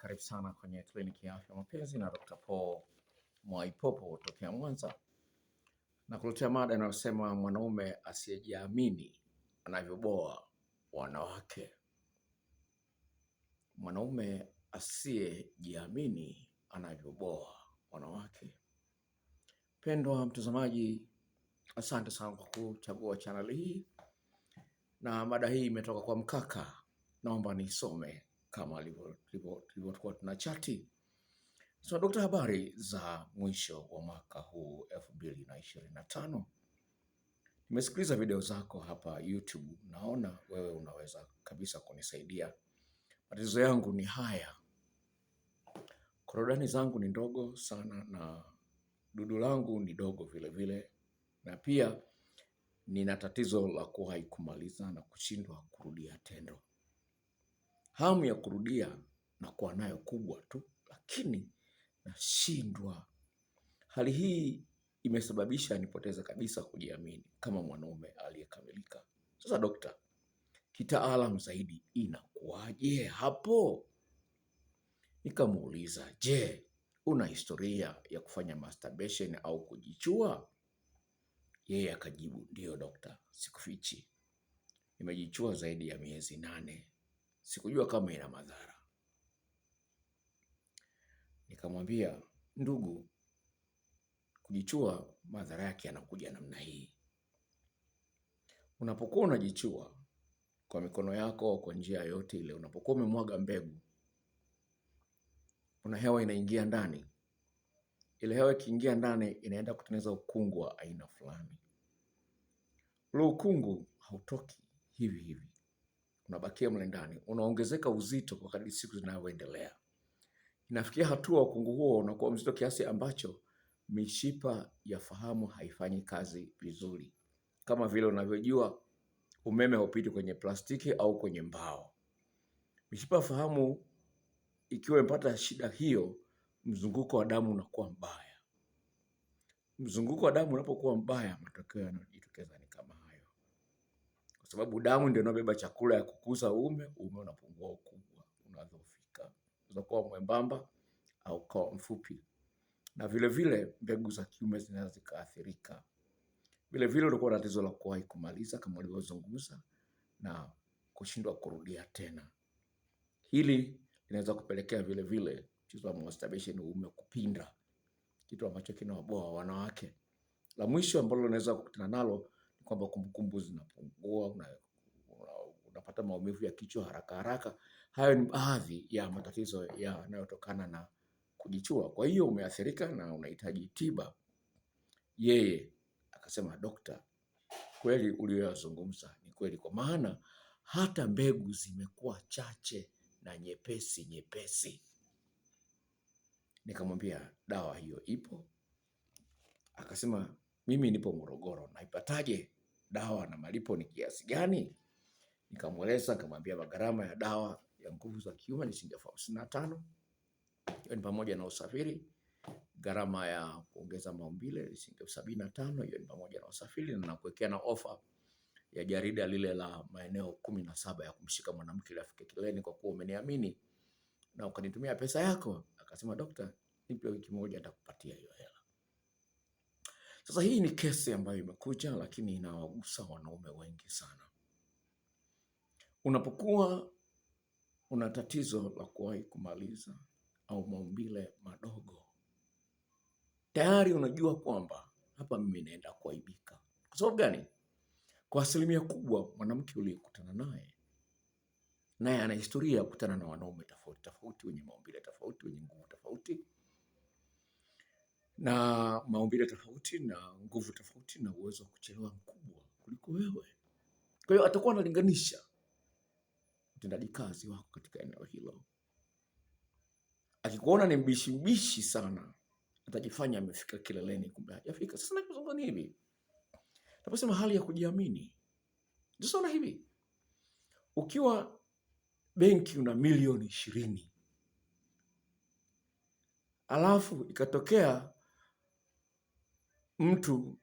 karibu sana kwenye kliniki ya afya mapenzi na Dr. Paul Mwaipopo tokea Mwanza na kuletea mada inayosema mwanaume asiyejiamini anavyoboa wanawake. Mwanaume asiyejiamini anavyoboa wanawake. Pendwa mtazamaji, asante sana kwa kuchagua chaneli hii, na mada hii imetoka kwa mkaka, naomba nisome kama livyokuwa tuna chati. So, Dokta, habari za mwisho wa mwaka huu elfu mbili na ishirini na tano. Nimesikiliza video zako hapa YouTube, naona wewe unaweza kabisa kunisaidia. Matatizo yangu ni haya, korodani zangu ni ndogo sana na dudu langu ni dogo vilevile vile. Na pia nina tatizo la kuwahi kumaliza na kushindwa kurudia tendo hamu ya kurudia na kuwa nayo kubwa tu, lakini nashindwa. Hali hii imesababisha nipoteze kabisa kujiamini kama mwanaume aliyekamilika. Sasa dokta, kitaalam zaidi inakuwaje hapo? Nikamuuliza, je, una historia ya kufanya masturbation au kujichua? Yeye akajibu, ndiyo dokta, sikufichi, nimejichua zaidi ya miezi nane sikujua kama ina madhara. Nikamwambia, ndugu, kujichua madhara yake yanakuja namna hii. Unapokuwa unajichua kwa mikono yako, kwa njia yoyote ile, unapokuwa umemwaga mbegu, kuna hewa inaingia ndani. Ile hewa ikiingia ndani, inaenda kutengeneza ukungu wa aina fulani. Ule ukungu hautoki hivi hivi, unabakia mle ndani, unaongezeka uzito kwa kadri siku zinavyoendelea. Inafikia hatua ukungu huo unakuwa mzito kiasi ambacho mishipa ya fahamu haifanyi kazi vizuri. Kama vile unavyojua umeme haupiti kwenye plastiki au kwenye mbao. Mishipa ya fahamu ikiwa imepata shida hiyo, mzunguko wa damu unakuwa mbaya. Mzunguko wa damu unapokuwa mbaya, matokeo yanajitokeza ni sababu damu ndio inabeba chakula ya kukuza uume. Uume unapungua ukubwa, unadhoofika, unakuwa mwembamba au kwa mfupi, na vile vile mbegu za kiume zinaweza zikaathirika. Vile unakuwa na tatizo la kuwahi kumaliza kama ulivyozungumza na kushindwa kurudia tena. Hili linaweza kupelekea vile vile tatizo la masturbation, uume kupinda, kitu ambacho kinawaboa wanawake. La mwisho ambalo unaweza kukutana nalo kwamba kumbukumbu zinapungua, unapata maumivu ya kichwa haraka haraka. Hayo ni baadhi ya matatizo yanayotokana na kujichua. Kwa hiyo umeathirika na unahitaji tiba. Yeye akasema, dokta, kweli uliyoyazungumza ni kweli, kwa maana hata mbegu zimekuwa chache na nyepesi nyepesi. Nikamwambia dawa hiyo ipo? Akasema mimi nipo Morogoro, naipataje dawa na malipo ni kiasi gani? Nikamweleza, nikamwambia gharama ya dawa ya nguvu za kiume ni shilingi elfu hamsini na tano. Hiyo ni pamoja na usafiri. Gharama ya kuongeza maumbile ni shilingi elfu sabini na tano. Hiyo ni pamoja na usafiri, na nakuwekea na ofa ya jarida lile la maeneo kumi na saba ya kumshika mwanamke ili afike kileleni kwa kuwa umeniamini na ukanitumia pesa yako. Akasema, dokta, nipe wiki moja atakupatia hiyo hela. Sasa hii ni kesi ambayo imekuja, lakini inawagusa wanaume wengi sana. Unapokuwa una tatizo la kuwahi kumaliza au maumbile madogo, tayari unajua kwamba hapa mimi naenda kuaibika. Kwa sababu gani? Kwa asilimia kubwa mwanamke uliyekutana naye naye ana historia ya kukutana na wanaume tofauti tofauti wenye na maumbile tofauti na nguvu tofauti na uwezo wa kuchelewa mkubwa kuliko wewe. Kwa hiyo atakuwa analinganisha utendaji kazi wako katika eneo hilo. Akikuona ni mbishi mbishi sana, atajifanya amefika kileleni, kumbe hajafika. Sasa nakuzungumza ni hivi, naposema hali ya kujiamini Tusaona hivi, ukiwa benki una milioni ishirini alafu ikatokea mtu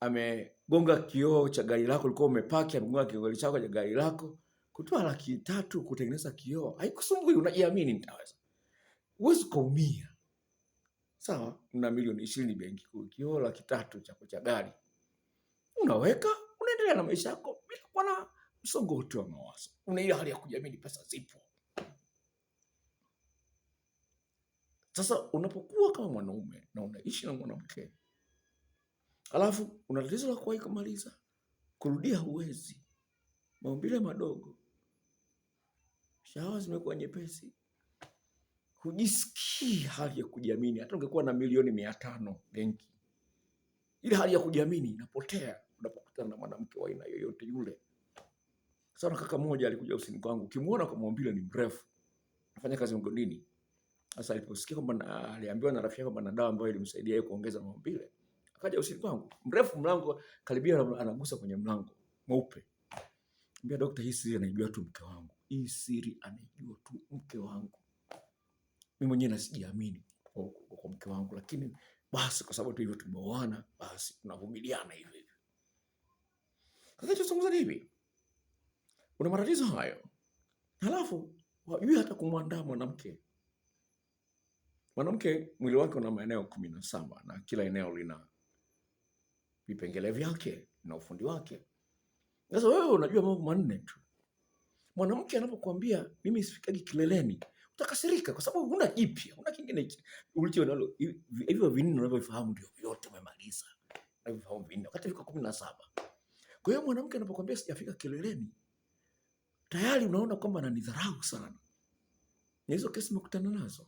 amegonga kioo cha gari lako, ulikuwa umepaki, amegonga kioo chako cha gari lako, kutoa laki tatu kutengeneza kioo haikusumbui, unajiamini, nitaweza. Huwezi kuumia, sawa? Una milioni ishirini benki kuu, kioo laki tatu chako cha gari unaweka, unaendelea na maisha yako bila kuwa na msongo wote wa mawazo. Una ile hali ya kujiamini, pesa zipo. Sasa unapokuwa kama mwanaume na unaishi na mwanamke Alafu una tatizo la kuwahi kumaliza, kurudia huwezi. Maumbile madogo, shahawa zimekuwa nyepesi, hujisikii hali ya kujiamini. Hata ungekuwa na milioni mia tano benki, ile hali ya kujiamini inapotea unapokutana na mwanamke wa aina yoyote yule. Sana kaka mmoja alikuja usini kwangu, ukimwona kwa maumbile ni mrefu, afanya kazi mgodini. Sasa aliposikia kwamba aliambiwa na rafiki yake kwamba na dawa ambayo ilimsaidia yeye kuongeza maumbile akaja usini kwangu mrefu mlango karibia anagusa kwenye mlango mweupe. Mbia dokta, hii siri anaijua tu mke wangu, hii siri anaijua tu mke wangu. Mimi mwenyewe nasijiamini kwa mke wangu, lakini basi kwa sababu tu hivyo tumeoana, basi tunavumiliana hivi hivi. Sasa tunazungumza hivi, una matatizo hayo, halafu wajui hata kumwandaa mwanamke mwanamke mwili wake una maeneo kumi na saba na kila eneo lina vipengele vyake na ufundi wake. Sasa wewe unajua mambo manne tu. Mwanamke anapokuambia mimi sifikagi kileleni, utakasirika kwa sababu huna jipya, huna kingine ulicho nalo. Hivyo vinne unavyofahamu ndio vyote umemaliza. Unavyofahamu vinne wakati viko kumi na saba. Kwa hiyo mwanamke anapokuambia sijafika kileleni, tayari unaona kwamba ananidharau sana. Na hizo kesi mkutana nazo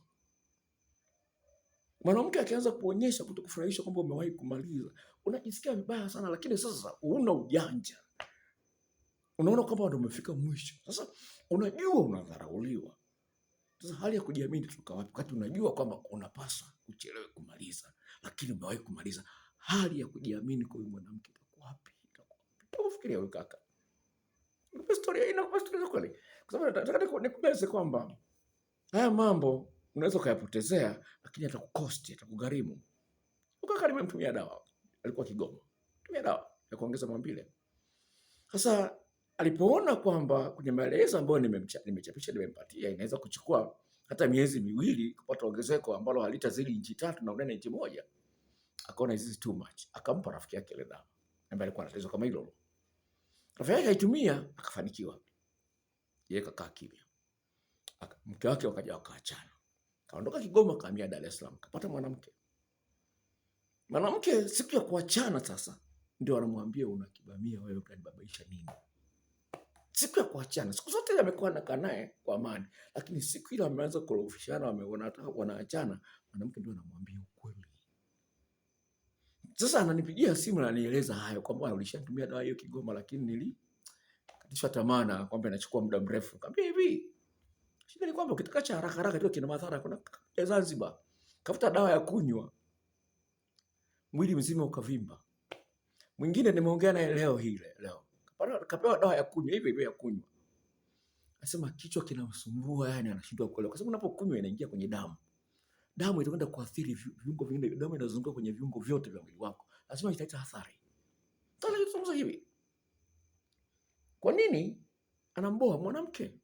mwanamke akianza kuonyesha kutokufurahisha kwamba umewahi kumaliza, unajisikia vibaya sana, lakini sasa una ujanja, unaona kwamba ndio umefika mwisho. Sasa unajua unadharauliwa. Sasa hali ya kujiamini tutoka wapi, wakati unajua kwamba unapaswa uchelewe kumaliza, lakini umewahi kumaliza? Hali ya kujiamini kwa mwanamke itakuwa wapi? Fikiria wewe kaka, inakupa storia kweli, kwa sababu nataka nikueleze kwamba haya mambo unaweza ukayapotezea, lakini atakukosti, atakugharimu. Ukaka nimemtumia dawa, alikuwa Kigoma, tumia dawa ya kuongeza maumbile. Sasa alipoona kwamba kwenye maelezo ambayo nimechapisha nimempatia inaweza kuchukua hata miezi miwili kupata ongezeko ambalo halitazidi inchi tatu na unene inchi moja, akaona hizi too much, akampa rafiki yake ile dawa ambaye alikuwa anatatizo kama hilo. Rafiki yake aitumia akafanikiwa, yeye kakaa kimya, mke wake wakaja wakaachana. Kaondoka Kigoma kaamia Dar es Salaam, kapata mwanamke. Mwanamke siku ya kuachana sasa ndio anamwambia unakibamia wewe, unanibabaisha nini? Siku ya kuachana, siku zote amekuwa anakaa naye kwa amani, lakini siku ile wameanza kurofishana, wameona wanaachana, mwanamke ndio anamwambia ukweli. Sasa ananipigia simu na anieleza hayo kwamba ulishanitumia dawa hiyo Kigoma, lakini nili nilikatishwa tamaa na kwamba inachukua muda mrefu. Kaambia hivi ni kwamba ukitaka cha haraka haraka kina madhara. Kuna Zanzibar, kafuta dawa ya kunywa, mwili mzima ukavimba. Mwingine nimeongea naye leo hii leo, kapewa dawa ya kunywa hivi hivyo ya kunywa, asema kichwa kinamsumbua, yani anashindwa kuelewa, kwa sababu unapokunywa inaingia kwenye damu damu itakwenda kuathiri viungo vingine, damu inazunguka kwenye viungo vyote vya mwili wako, lazima italeta athari. Sasa hivi kwa nini anamboa mwanamke?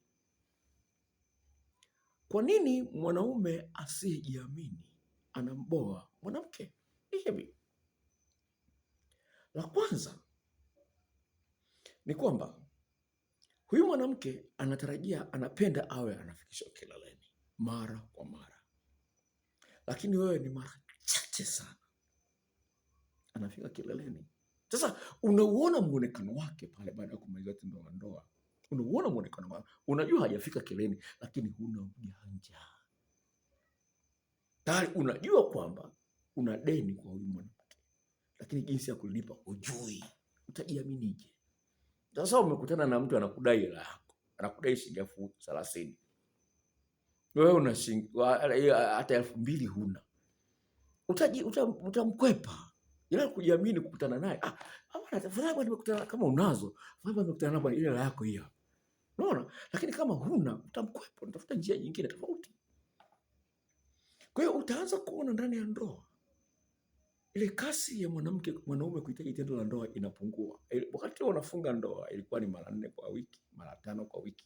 Kwa nini mwanaume asiyejiamini anamboa mwanamke? Ni hivi, la kwanza ni kwamba huyu mwanamke anatarajia, anapenda awe anafikishwa kileleni mara kwa mara, lakini wewe ni mara chache sana anafika kileleni. Sasa unauona mwonekano wake pale baada ya kumaliza tendo la ndoa unauona mwonekano wake, unajua hajafika kileni, lakini huna ujanja tayari. Unajua kwamba una deni kwa huyu mwanamke, lakini jinsi ya kulipa hujui. Utajiaminije? Sasa umekutana na mtu anakudai hela yako, anakudai shilingi elfu thelathini wewe una hata elfu mbili huna, utamkwepa uta, ila kujiamini kukutana naye ah, nimekutana kama unazo, nimekutana na ile yako hiyo Unaona? Lakini kama huna utamkwepo, utafuta njia nyingine tofauti. Kwa hiyo utaanza kuona ndani ya ndoa ile kasi ya mwanamke mwanaume kuhitaji tendo la ndoa inapungua. Wakati wanafunga ndoa ilikuwa ni mara nne kwa wiki, mara tano kwa wiki,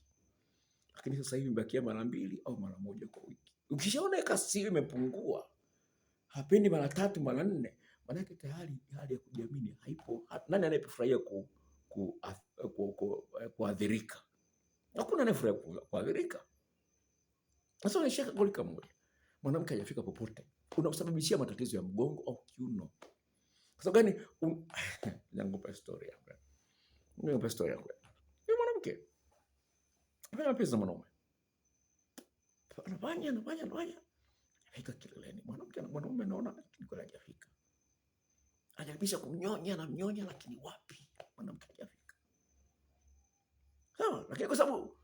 lakini sasa hivi imebakia mara mbili au mara moja kwa wiki. Ukishaona kasi hiyo imepungua, hapendi mara tatu mara nne, maanake tayari hali ya kujiamini haipo. Nani anayefurahia kuathirika? Hakuna anayefurahi kuadhirika. Sasa unashika goli moja, mwanamke hajafika popote, unamsababishia matatizo ya mgongo au kiuno. Kwa sababu gani? Nakupa story hapa, nakupa story hapa. Ni mwanamke ana pesa, mwanaume anafanya anafanya anafanya, fika kileleni. Mwanamke na mwanaume naona niko hajafika, anajaribisha kumnyonya na mnyonya, lakini wapi, mwanamke hajafika no, lakini kwa sababu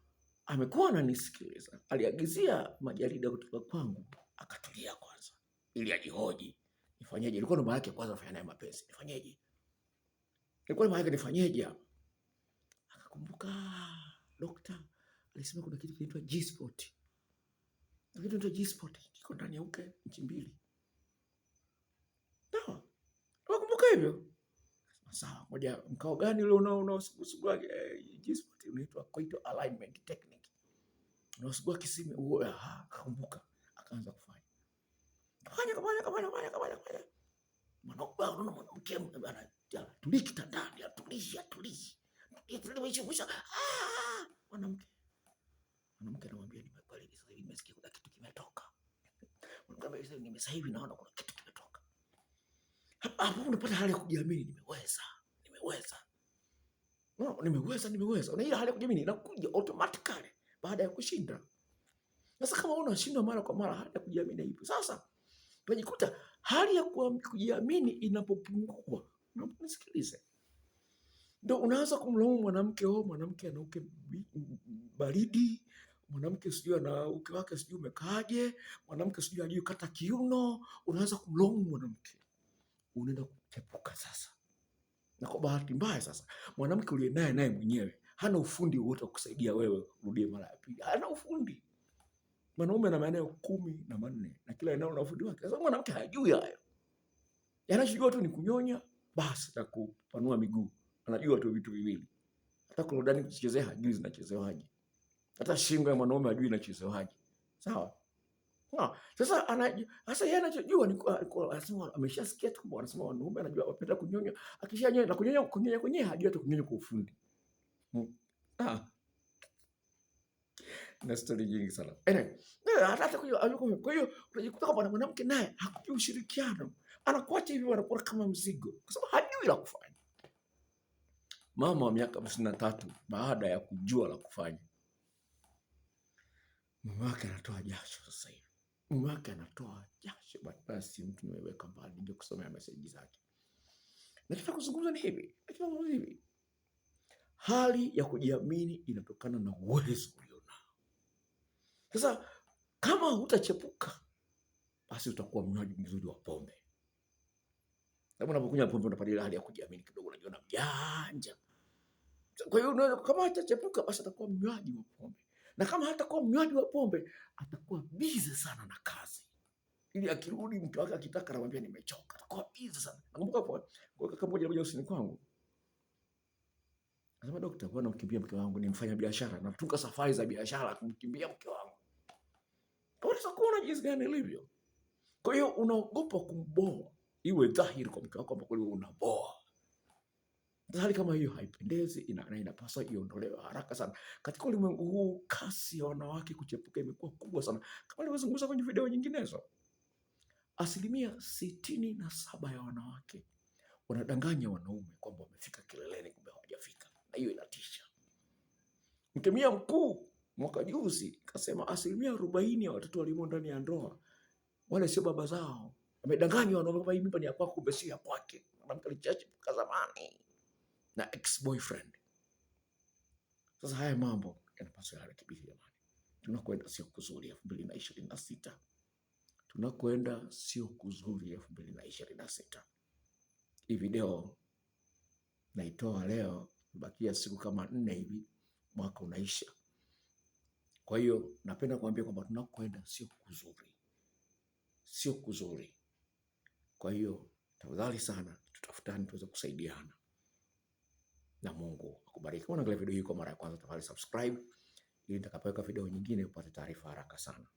amekuwa ananisikiliza, aliagizia majarida kutoka kwangu, akatulia kwanza ili ajihoji, nifanyeje? Ilikuwa namba yake kwanza, afanya naye mapenzi, nifanyeje? Ilikuwa namba yake, nifanyeje? Akakumbuka dokta alisema kuna kitu kinaitwa G-spot, kitu kinaitwa G-spot kiko ndani ya uke nchi mbili, sawa? akakumbuka hivyo? sawa, moja mkao gani ule unao unaosugua G-spot eh, unaitwa coital alignment technique, unaosugua kisimi huo. Ah, kumbuka, akaanza kufanya kafanya kafanya kafanya kafanya kafanya kafanya, mwanaume anaona mwanamke bana, tulii kitandani, atulishi atulishi itulishi, mwisho ah, mwanamke mwanamke anamwambia, nimekubali hivi sasa hivi nimesikia kuna kitu kimetoka, mwanamke anasema, nimesikia hivi naona kuna kitu hapo unapata hali ya kujiamini, nimeweza, nimeweza, no, nimeweza, nimeweza. Na ile hali ya kujiamini inakuja automatically baada ya kushinda. Sasa kama unashindwa mara kwa mara, hali ya kujiamini ipo. Sasa unajikuta hali ya kujiamini inapopungua, nisikilize, ndio unaanza kumlaumu mwanamke, oh, mwanamke ana uke baridi mwanamke sijui ana uke wake sijui umekaaje, mwanamke sijui aliyokata kiuno. Unaanza kumlaumu mwanamke unaenda kuchepuka sasa. Na kwa bahati mbaya sasa, mwanamke uliye naye naye mwenyewe hana ufundi wote wa kusaidia wewe urudie mara ya pili, hana ufundi. Mwanaume ana maeneo kumi na manne na kila eneo na ufundi wake. Sasa mwanamke hajui hayo, yanachojua tu ni kunyonya basi na kupanua miguu, anajua tu vitu viwili. Hata kuna korodani kuchezea hajui zinachezewaje, hata shingo ya mwanaume hajui inachezewaje. Sawa. Sasa sasa yeye anachojua ni anasema ameshasikia tu anasema wanaume anajua wapenda kunyonya, akishanyonya na kunyonya kunyonya kunyonya kwa ufundi. Hmm. Ah. Na nyingi sana. Anyway, eh, hata kwa hiyo unajikuta kwamba mwanamke naye hakupi ushirikiano. Anakuacha hivi wanakuwa kama mzigo kwa sababu hajui la kufanya. Mama wa miaka hamsini na tatu baada ya kujua la kufanya. Mume wake anatoa jasho sasa hivi mume wake anatoa jasho, basi mtu nimeweka mbali, ndio kusomea meseji zake. Nataka kuzungumza ni hivi, nataka hivi. Hali ya kujiamini inatokana na uwezo ulionao. Sasa kama utachepuka, basi utakuwa mnywaji mzuri wa pombe. Sababu unapokunywa pombe unapata ile hali ya kujiamini kidogo, unajiona mjanja. Kwa hiyo kama utachepuka, basi utakuwa mnywaji wa pombe na kama hatakuwa mnywaji wa pombe atakuwa bize sana na kazi, ili akirudi mke wake akitaka, anamwambia nimechoka, atakuwa bize sana. Nakumbuka kwa kwa kaka mmoja mmoja usini kwangu, anasema daktari, bwana mkimbia mke wangu, ni mfanya biashara, natunga safari za biashara kumkimbia mke wangu. Kwa Unaweza kuona jinsi gani ilivyo. Kwa hiyo unaogopa kumboa, iwe dhahiri kwa mke wako kwamba kweli unaboa Dhali kama hiyo haipendezi ina, na inapaswa iondolewe haraka sana. Katika ulimwengu huu, kasi ya wanawake kuchepuka imekuwa kubwa sana, kama nilivyozungumza kwenye video nyinginezo. Asilimia sitini na saba ya wanawake wanadanganya wanaume kwamba wamefika kileleni, kumbe hawajafika, na hiyo inatisha. Mkemia mkuu mwaka juzi kasema asilimia arobaini ya watoto walimo ndani ya ndoa wale sio baba zao, wamedanganywa, wanaume wanaomba mimba ni ya kwako, kumbe si ya kwake. Mwanamke alichache zamani na ex-boyfriend. Sasa haya mambo yanapaswa yarekebishwe jamani. Tunakwenda sio kuzuri elfu mbili na ishirini na sita tunakwenda sio kuzuri elfu mbili na ishirini na sita Hii video naitoa leo, bakia siku kama nne hivi mwaka unaisha. Kwa hiyo napenda kuambia kwamba tunakwenda sio kuzuri, sio kuzuri. Kwa hiyo tafadhali sana, tutafutani tuweze kusaidiana na Mungu akubariki. Kama unaangalia video hii kwa mara ya kwanza, tafadhali subscribe ili nitakapoweka video nyingine upate taarifa haraka sana.